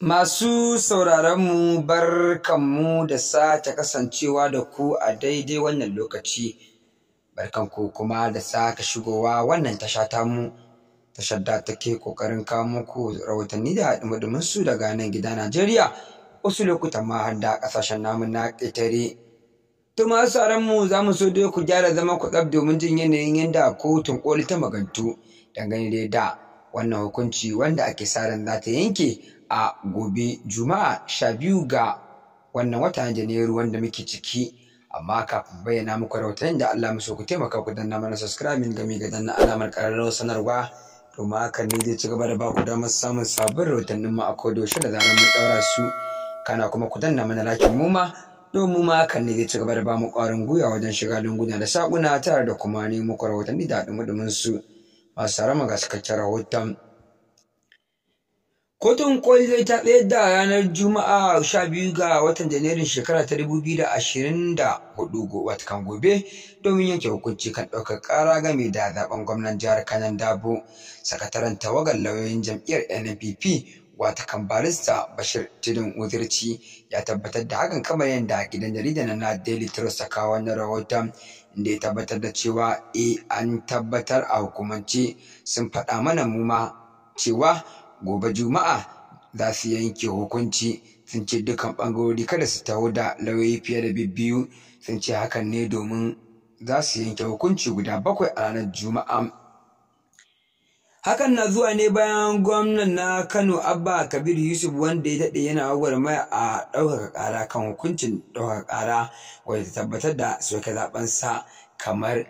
Masu sauraronmu bar kanmu da sake kasancewa da ku a daidai wannan lokaci, barkanku kuma da sake shigowa wannan tasha tamu, tashar da take ƙoƙarin kawo muku rahotanni da haɗin daga nan gida Najeriya, wasu lokutan ma har da ƙasashen namu na ƙetare. To masu sauranmu za mu so dai ku gyara zama ku tsaf domin jin yanayin yadda kotun ƙoli ta magantu dangane da wannan hukunci wanda ake sa ran za ta yanke a gobe Juma'a sha biyu ga wannan watan Janairu wanda muke ciki amma kafin bayyana muku rahoton da Allah musu ku taimaka ku danna mana subscribing game ga danna alamar ƙararrawar sanarwa domin hakan ne zai ci gaba da ba ku damar samun sabbin rahotannin mu a da zarar mun ɗaura su kana kuma ku danna mana lakin mu ma domin ma hakan ne zai ci gaba da ba mu ƙwarin gwiwa wajen shiga dunguna da saƙuna tare da kuma nemo rahotanni da haɗin su masu sarama ga cikakken rahoton. Kotun koli ta tsayar da ranar Juma'a 12 ga watan Janairun shekara ta 2024 watakan gobe domin yanke hukunci kan ɗaukar ƙara game da zaben gwamnan jihar Kanan Dabo. Sakataren tawagar lauyoyin jam'iyyar NPP watakan barista Bashir Tidin Uzirci ya tabbatar da hakan kamar yadda gidan jaridar na Daily Trust ta kawo wannan rahoton da ya tabbatar da cewa eh an tabbatar a hukumance sun faɗa mana mu ma cewa gobe juma'a za su yanke hukunci sun ce dukkan ɓangarori kada su taho da lauyoyi fiye da bibbiyu sun ce hakan ne domin za su yanke hukunci guda bakwai a ranar juma'a hakan na zuwa ne bayan gwamnan na kano abba Kabiru yusuf wanda ya daɗe yana gwagwarmaya a ɗaukaka ƙara kan hukuncin ɗaukaka ƙara wanda ta tabbatar da soke zaɓensa kamar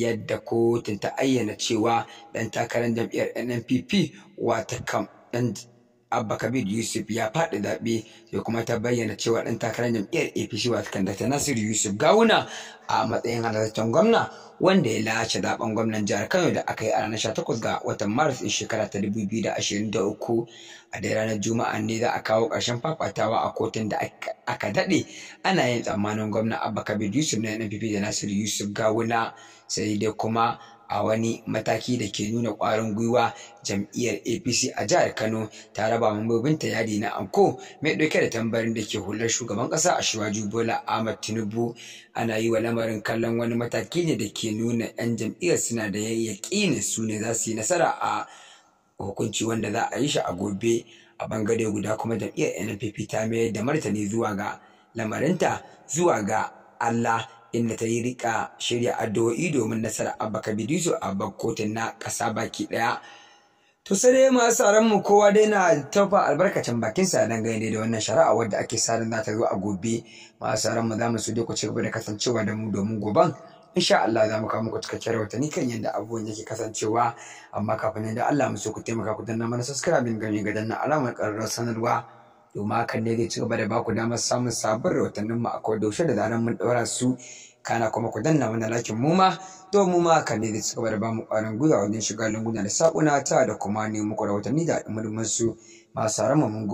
yadda kotun ta ayyana cewa ɗan takarar jam'iyyar NNPP wata kam abba kabir yusuf ya faɗi zaɓe sai kuma ta bayyana cewa ɗan takarar jam'iyyar apc wato kandata nasiru yusuf gawuna a matsayin halartaccen gwamna wanda ya lace zaben gwamnan jihar kano da aka yi a ranar 18 ga watan maris din shekara ta 2023 a da ranar juma'a ne za a kawo ƙarshen fafatawa a kotun da aka daɗe ana yin tsammanin gwamna abba kabir yusuf na npp da nasiru yusuf gawuna sai dai kuma a wani mataki da ke nuna ƙwarin gwiwa jam'iyyar apc a jihar kano ta raba ta yadi na anko mai ɗauke da tambarin da ke hular shugaban ƙasa a shiwaju bola ahmad tinubu ana yi wa lamarin kallon wani mataki ne da ke nuna 'yan jam'iyyar suna da yaƙinin su ne za su yi nasara a hukunci wanda za a yi shi a gobe a bangare guda kuma jam'iyyar NPP ta mayar da martani zuwa ga lamarinta zuwa ga Allah inda ta yi rika shirya addu'o'i domin nasara, abba kabirizo a Kotun na ƙasa baki ɗaya to sai dai masu tsaron mu kowa dai na tafa albarkacin bakin sa dan gane da wannan shari'a wadda ake sanin za ta zo a gobe masu tsaron mu za mu su dai ku ci gaba da kasancewa da mu domin goban insha Allah za mu kawo muku cikakken rahotanni kan yadda abubuwan yake kasancewa amma kafin nan da Allah mu so ku taimaka ku danna mana subscribe gami ga danna alamar karar sanarwa domin hakan ne zai ci gaba da baku damar samun sabon rahotannin mu a kodaushe da zaran mun ɗaura su kana kuma ku danna mana lakin mu ma to mu ma hakan ne zai ci gaba da bamu ƙwarin gwiwa wajen shiga lunguna da saƙuna ta da kuma nemo rahotanni da alumman su masu mun